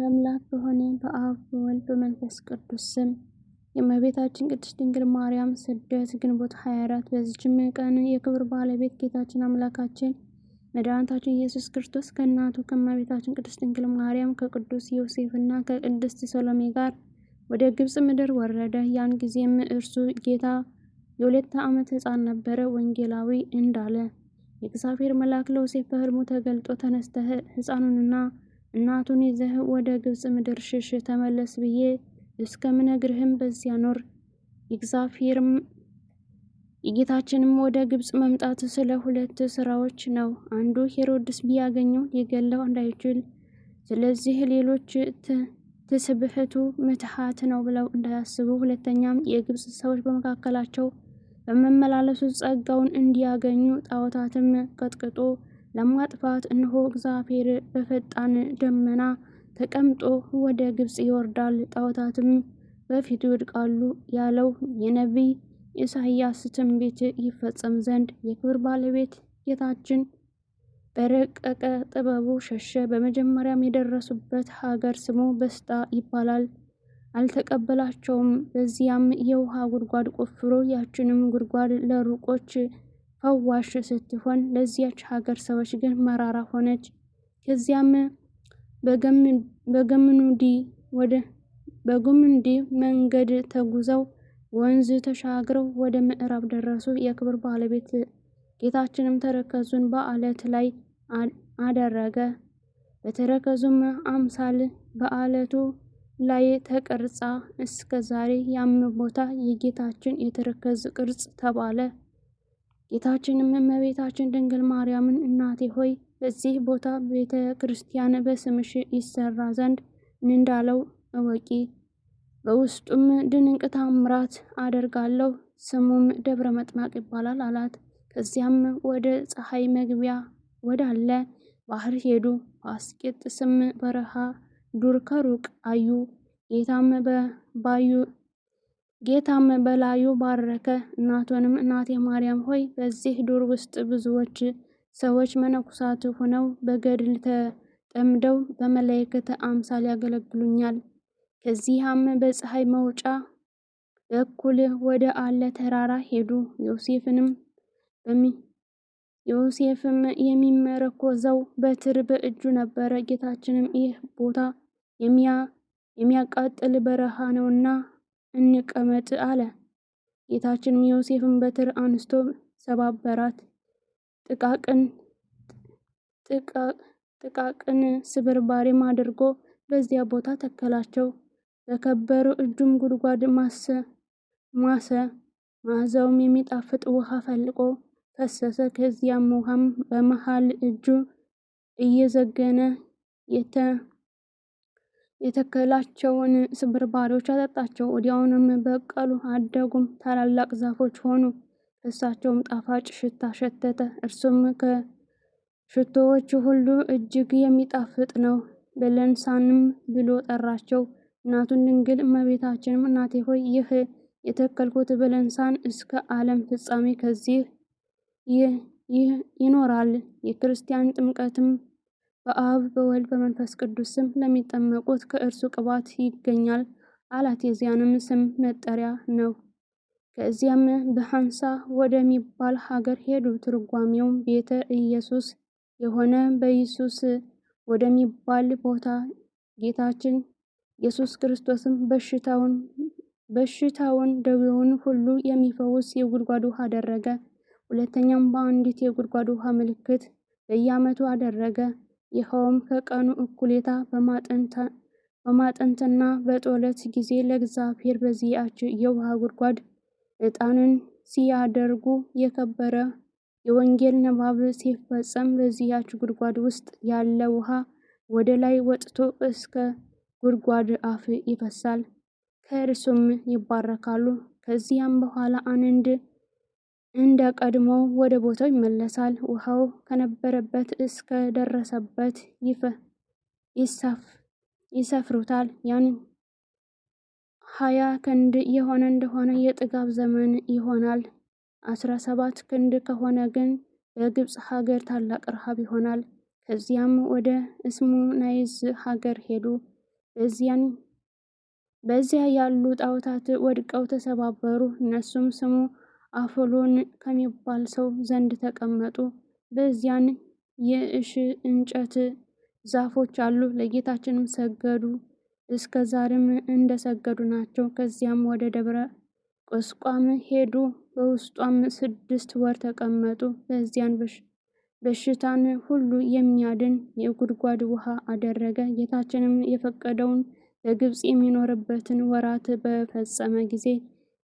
በአምላክ በሆነ በአብ በወልድ በመንፈስ ቅዱስ ስም የእመቤታችን ቅድስት ድንግል ማርያም ስደት ግንቦት 24 በዚችም ቀን የክብር ባለቤት ጌታችን አምላካችን መድኃኒታችን ኢየሱስ ክርስቶስ ከእናቱ ከእመቤታችን ቅድስት ድንግል ማርያም ከቅዱስ ዮሴፍና ከቅድስት ሰሎሜ ጋር ወደ ግብፅ ምድር ወረደ። ያን ጊዜም እርሱ ጌታ የሁለት ዓመት ሕፃን ነበረ። ወንጌላዊ እንዳለ የእግዚአብሔር መልአክ ለዮሴፍ በሕልሙ ተገልጦ ተነስተህ ሕፃኑንና እናቱን ይዘህ ወደ ግብፅ ምድር ሽሽ ተመለስ ብዬ እስከምነግርህም በዚያ ኖር። እግዚአብሔርም የጌታችንም ወደ ግብፅ መምጣት ስለ ሁለት ስራዎች ነው። አንዱ ሄሮድስ ቢያገኘው ሊገለው እንዳይችል፣ ስለዚህ ሌሎች ትስብህቱ ምትሃት ነው ብለው እንዳያስቡ፣ ሁለተኛም የግብፅ ሰዎች በመካከላቸው በመመላለሱ ጸጋውን እንዲያገኙ ጣዖታትም ቀጥቅጦ ለማጥፋት እነሆ እግዚአብሔር በፈጣን ደመና ተቀምጦ ወደ ግብፅ ይወርዳል፣ ጣዖታትም በፊቱ ይወድቃሉ ያለው የነቢይ ኢሳይያስ ትንቢት ይፈጸም ዘንድ የክብር ባለቤት ጌታችን በረቀቀ ጥበቡ ሸሸ። በመጀመሪያም የደረሱበት ሀገር ስሙ በስጣ ይባላል። አልተቀበላቸውም። በዚያም የውሃ ጉድጓድ ቆፍሮ ያችንም ጉድጓድ ለሩቆች ፈዋሽ ስትሆን ለዚያች ሀገር ሰዎች ግን መራራ ሆነች። ከዚያም በገምኑዲ ወደ በጉምንዲ መንገድ ተጉዘው ወንዝ ተሻግረው ወደ ምዕራብ ደረሱ። የክብር ባለቤት ጌታችንም ተረከዙን በአለት ላይ አደረገ። በተረከዙም አምሳል በአለቱ ላይ ተቀርጻ እስከ ዛሬ ያም ቦታ የጌታችን የተረከዝ ቅርጽ ተባለ። ጌታችንም እመቤታችን ድንግል ማርያምን እናቴ ሆይ በዚህ ቦታ ቤተ ክርስቲያን በስምሽ ይሰራ ዘንድ እንዳለው እወቂ፣ በውስጡም ድንቅ ታምራት አደርጋለሁ፣ ስሙም ደብረ መጥማቅ ይባላል አላት። ከዚያም ወደ ፀሐይ መግቢያ ወዳለ ባህር ሄዱ። በአስቄጥስም በረሃ ዱር ከሩቅ አዩ። ጌታም ባዩ ጌታም በላዩ ባረከ። እናቱንም እናቴ ማርያም ሆይ በዚህ ዱር ውስጥ ብዙዎች ሰዎች መነኩሳት ሆነው በገድል ተጠምደው በመላእክት አምሳል ያገለግሉኛል። ከዚያም በፀሐይ መውጫ በኩል ወደ አለ ተራራ ሄዱ። ዮሴፍንም ዮሴፍም የሚመረኮዘው በትር በእጁ ነበረ። ጌታችንም ይህ ቦታ የሚያቃጥል በረሃ ነውና እንቀመጥ አለ። ጌታችንም ዮሴፍን በትር አንስቶ ሰባበራት። ጥቃቅን ጥቃቅን ስብርባሬም አድርጎ በዚያ ቦታ ተከላቸው። በከበሩ እጁም ጉድጓድ ማሰ ማሰ መዓዛውም የሚጣፍጥ ውሃ ፈልቆ ፈሰሰ። ከዚያም ውሃም በመሃል እጁ እየዘገነ የተ የተከላቸውን ስብርባሪዎች አጠጣቸው። ወዲያውንም በቀሉ፣ አደጉም፣ ታላላቅ ዛፎች ሆኑ። እሳቸውም ጣፋጭ ሽታ ሸተተ። እርሱም ከሽቶዎች ሁሉ እጅግ የሚጣፍጥ ነው። በለንሳንም ብሎ ጠራቸው። እናቱን ድንግል እመቤታችንም እናቴ ሆይ ይህ የተከልኩት በለንሳን እስከ ዓለም ፍጻሜ ከዚህ ይኖራል። የክርስቲያን ጥምቀትም በአብ በወልድ በመንፈስ ቅዱስ ስም ለሚጠመቁት ከእርሱ ቅባት ይገኛል። አላቴዚያንም ስም መጠሪያ ነው። ከዚያም በሐንሳ ወደሚባል ሀገር ሄዱ። ትርጓሜው ቤተ ኢየሱስ የሆነ በኢየሱስ ወደሚባል ቦታ ጌታችን ኢየሱስ ክርስቶስም በሽታውን በሽታውን ደዌውን ሁሉ የሚፈውስ የጉድጓድ ውሃ አደረገ። ሁለተኛም በአንዲት የጉድጓድ ውሃ ምልክት በየዓመቱ አደረገ። ይኸውም ከቀኑ እኩሌታ በማጠንትና በጦለት ጊዜ ለእግዚአብሔር በዚያች የውሃ ጉድጓድ ዕጣንን ሲያደርጉ የከበረ የወንጌል ንባብ ሲፈጸም በዚያች ጉድጓድ ውስጥ ያለ ውሃ ወደ ላይ ወጥቶ እስከ ጉድጓድ አፍ ይፈሳል፣ ከእርሱም ይባረካሉ። ከዚያም በኋላ አንድ እንደ ቀድሞ ወደ ቦታው ይመለሳል። ውሃው ከነበረበት እስከ ደረሰበት ይሰፍሩታል። ያን ሀያ ክንድ የሆነ እንደሆነ የጥጋብ ዘመን ይሆናል። አስራ ሰባት ክንድ ከሆነ ግን በግብፅ ሀገር ታላቅ ረሃብ ይሆናል። ከዚያም ወደ እስሙ ናይዝ ሀገር ሄዱ። በዚያን በዚያ ያሉ ጣዖታት ወድቀው ተሰባበሩ። እነሱም ስሙ አፎሎን ከሚባል ሰው ዘንድ ተቀመጡ። በዚያን የእሽ እንጨት ዛፎች አሉ። ለጌታችንም ሰገዱ፣ እስከ ዛሬም እንደሰገዱ ናቸው። ከዚያም ወደ ደብረ ቁስቋም ሄዱ። በውስጧም ስድስት ወር ተቀመጡ። በዚያን በሽታን ሁሉ የሚያድን የጉድጓድ ውሃ አደረገ። ጌታችንም የፈቀደውን በግብፅ የሚኖርበትን ወራት በፈጸመ ጊዜ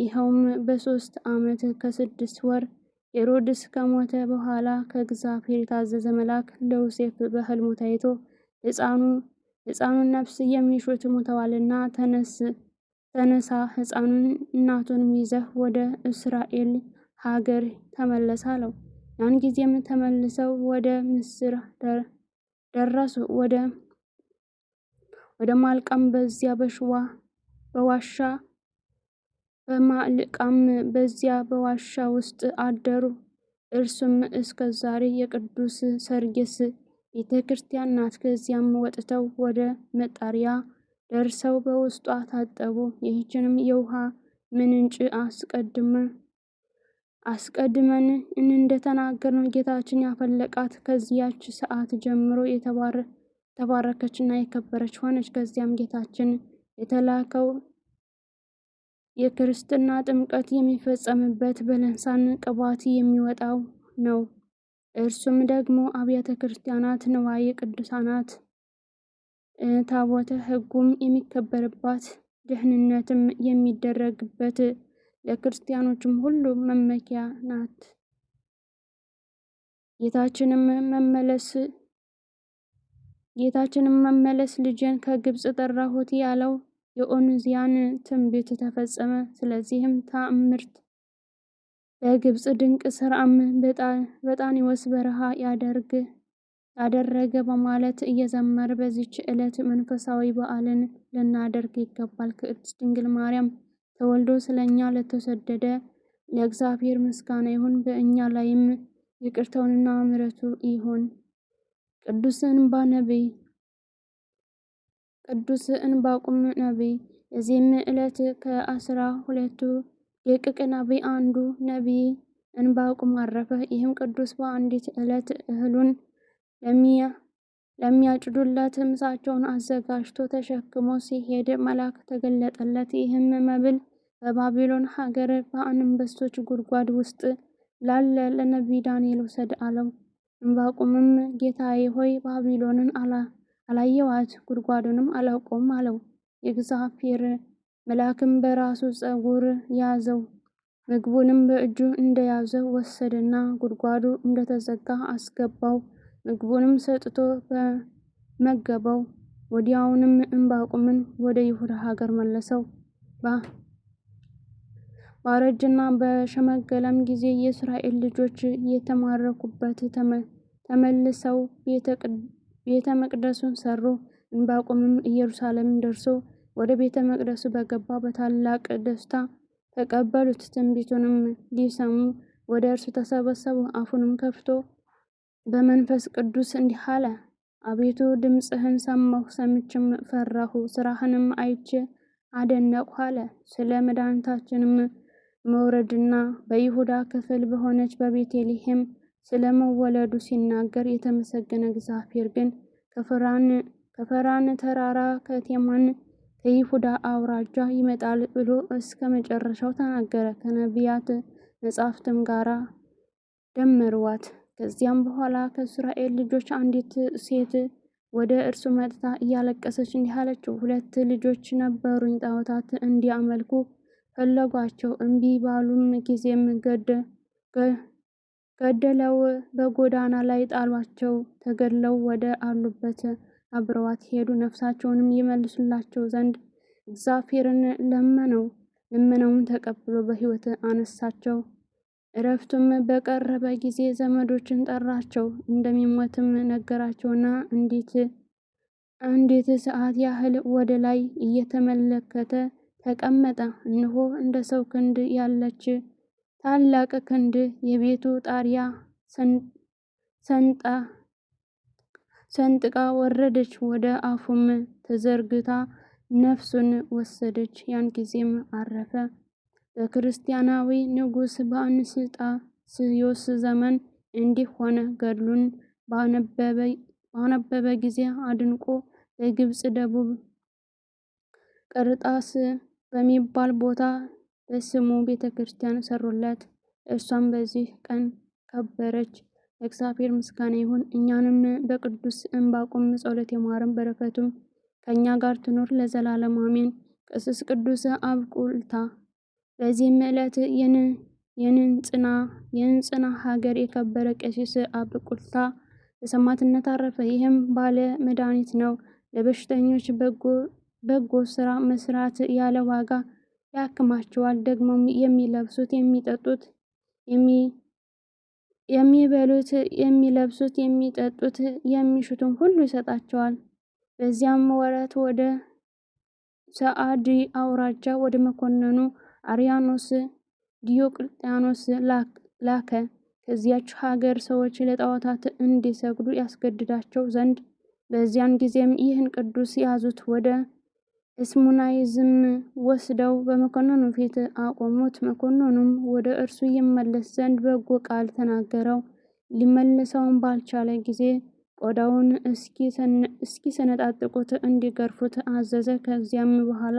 ይኸውም በሶስት ዓመት ከስድስት ወር ሄሮድስ ከሞተ በኋላ ከእግዚአብሔር የታዘዘ መልአክ ለዮሴፍ በሕልሙ ታይቶ ሕፃኑ ሕፃኑን ነፍስ የሚሹት ሞተዋልና ተነስ ተነሳ ሕፃኑን እናቱን ይዘህ ወደ እስራኤል ሀገር ተመለስ አለው። ያን ጊዜም ተመልሰው ወደ ምስር ደረሱ። ወደ ማልቃም በዚያ በሽዋ በዋሻ በማልቃም በዚያ በዋሻ ውስጥ አደሩ። እርሱም እስከ ዛሬ የቅዱስ ሰርጌስ ቤተ ክርስቲያን ናት። ከዚያም ወጥተው ወደ መጣሪያ ደርሰው በውስጧ ታጠቡ። ይህችንም የውሃ ምንጭ አስቀድመን አስቀድመን እንደተናገርነው ጌታችን ያፈለቃት። ከዚያች ሰዓት ጀምሮ የተባረከችና የከበረች ሆነች። ከዚያም ጌታችን የተላከው የክርስትና ጥምቀት የሚፈጸምበት በለንሳን ቅባት የሚወጣው ነው። እርሱም ደግሞ አብያተ ክርስቲያናት ንዋየ ቅዱሳናት ታቦተ ሕጉም የሚከበርባት ደህንነትም የሚደረግበት ለክርስቲያኖችም ሁሉ መመኪያ ናት። ጌታችንም መመለስ ጌታችንም መመለስ ልጄን ከግብፅ ጠራሁት ያለው የኦንዚያን ትንቢት ተፈጸመ። ስለዚህም ታምርት በግብፅ ድንቅ ስራም ይወስ በረሃ ያደርግ ያደረገ በማለት እየዘመረ በዚች ዕለት መንፈሳዊ በዓልን ልናደርግ ይገባል። ቅድስት ድንግል ማርያም ተወልዶ ስለ እኛ ለተሰደደ ለእግዚአብሔር ምስጋና ይሁን፣ በእኛ ላይም ይቅርተውንና ምረቱ ይሁን። ቅዱስ ባነቤ ቅዱስ እንባቁም ነቢይ። በዚህም ዕለት ከአስራ ሁለቱ ደቂቅ ነቢይ አንዱ ነቢይ እንባቁም አረፈ። ይህም ቅዱስ በአንዲት ዕለት እህሉን ለሚያጭዱለት ምሳቸውን አዘጋጅቶ ተሸክሞ ሲሄድ መልአክ ተገለጠለት። ይህም መብል በባቢሎን ሀገር በአንበሶች ጉድጓድ ውስጥ ላለ ለነቢይ ዳንኤል ውሰድ አለው። እንባቁምም ጌታዬ ሆይ ባቢሎንን አላየዋት፣ ጉድጓዱንም አላውቀውም አለው። የእግዚአብሔር መልአክም በራሱ ጸጉር ያዘው፣ ምግቡንም በእጁ እንደያዘ ወሰደና ጉድጓዱ እንደተዘጋ አስገባው። ምግቡንም ሰጥቶ መገበው። ወዲያውንም እምባቁምን ወደ ይሁዳ ሀገር መለሰው። ባረጅና በሸመገለም ጊዜ የእስራኤል ልጆች የተማረኩበት ተመልሰው ቤተ ቤተ መቅደሱን ሰሩ። እንባቆምም ኢየሩሳሌምን ደርሶ ወደ ቤተ መቅደሱ በገባ በታላቅ ደስታ ተቀበሉት። ትንቢቱንም ሊሰሙ ወደ እርሱ ተሰበሰቡ። አፉንም ከፍቶ በመንፈስ ቅዱስ እንዲህ አለ፣ አቤቱ ድምፅህን ሰማሁ፣ ሰምቼም ፈራሁ፣ ስራህንም አይቼ አደነቅሁ አለ። ስለ መድኃኒታችንም መውረድና በይሁዳ ክፍል በሆነች በቤተልሔም ስለመወለዱ ሲናገር፣ የተመሰገነ እግዚአብሔር ግን ከፈራን ተራራ ከቴማን ከይሁዳ አውራጃ ይመጣል ብሎ እስከ መጨረሻው ተናገረ። ከነቢያት መጻሕፍትም ጋር ደመርዋት። ከዚያም በኋላ ከእስራኤል ልጆች አንዲት ሴት ወደ እርሱ መጥታ እያለቀሰች እንዲህ አለችው፣ ሁለት ልጆች ነበሩኝ። ጣዖታት እንዲያመልኩ ፈለጓቸው፣ እምቢ ባሉም ጊዜም ገደለው በጎዳና ላይ ጣሏቸው። ተገድለው ወደ አሉበት አብረዋት ሄዱ። ነፍሳቸውንም ይመልሱላቸው ዘንድ እግዚአብሔርን ለመነው። ልመናውን ተቀብሎ በሕይወት አነሳቸው። እረፍቱም በቀረበ ጊዜ ዘመዶችን ጠራቸው፣ እንደሚሞትም ነገራቸውና እንዴት አንዲት ሰዓት ያህል ወደ ላይ እየተመለከተ ተቀመጠ። እነሆ እንደ ሰው ክንድ ያለች ታላቅ ክንድ የቤቱ ጣሪያ ሰንጥቃ ወረደች፣ ወደ አፉም ተዘርግታ ነፍሱን ወሰደች። ያን ጊዜም አረፈ። በክርስቲያናዊ ንጉሥ በአንስጣስዮስ ዘመን እንዲህ ሆነ። ገድሉን ባነበበ ጊዜ አድንቆ በግብፅ ደቡብ ቅርጣስ በሚባል ቦታ በስሙ ቤተ ክርስቲያን ሰሩለት። እርሷም በዚህ ቀን ከበረች። እግዚአብሔር ምስጋና ይሁን። እኛንም በቅዱስ ዕንባቆም ጸሎት የማረም በረከቱም ከእኛ ጋር ትኖር ለዘላለም አሜን። ቅስስ ቅዱስ አብቁልታ። በዚህም ዕለት የንንጽና ሀገር የከበረ ቀሲስ አብቁልታ በሰማዕትነት አረፈ። ይህም ባለ መድኃኒት ነው። ለበሽተኞች በጎ ስራ መስራት ያለ ዋጋ ያክማቸዋል። ደግሞ የሚለብሱት፣ የሚጠጡት፣ የሚበሉት፣ የሚለብሱት፣ የሚጠጡት፣ የሚሹትን ሁሉ ይሰጣቸዋል። በዚያም ወራት ወደ ሰአዲ አውራጃ ወደ መኮንኑ አርያኖስ ዲዮቅልጥያኖስ ላከ። ከዚያች ሀገር ሰዎች ለጣዖታት እንዲሰግዱ ያስገድዳቸው ዘንድ። በዚያን ጊዜም ይህን ቅዱስ ያዙት፣ ወደ እስሙናይዝም ወስደው በመኮንኑ ፊት አቆሙት። መኮንኑም ወደ እርሱ ይመለስ ዘንድ በጎ ቃል ተናገረው። ሊመለሰውን ባልቻለ ጊዜ ቆዳውን እስኪሰነጣጥቁት እንዲገርፉት አዘዘ። ከዚያም በኋላ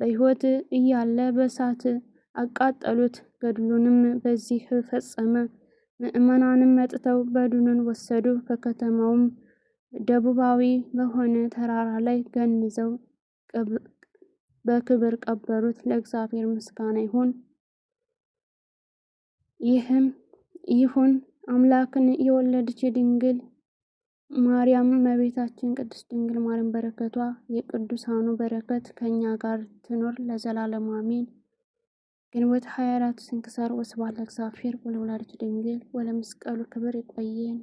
በሕይወት እያለ በእሳት አቃጠሉት። ገድሉንም በዚህ ፈጸመ። ምዕመናንም መጥተው በድኑን ወሰዱ። ከከተማውም ደቡባዊ በሆነ ተራራ ላይ ገንዘው በክብር ቀበሩት። ለእግዚአብሔር ምስጋና ይሁን። ይህም ይሁን አምላክን የወለደች ድንግል ማርያም እመቤታችን ቅድስት ድንግል ማርያም በረከቷ የቅዱሳኑ በረከት ከእኛ ጋር ትኖር ለዘላለም አሜን። ግንቦት 24 ስንክሳር ወስብሐት ለእግዚአብሔር ወለወላዲቱ ድንግል ወለመስቀሉ ክብር። ይቆየን።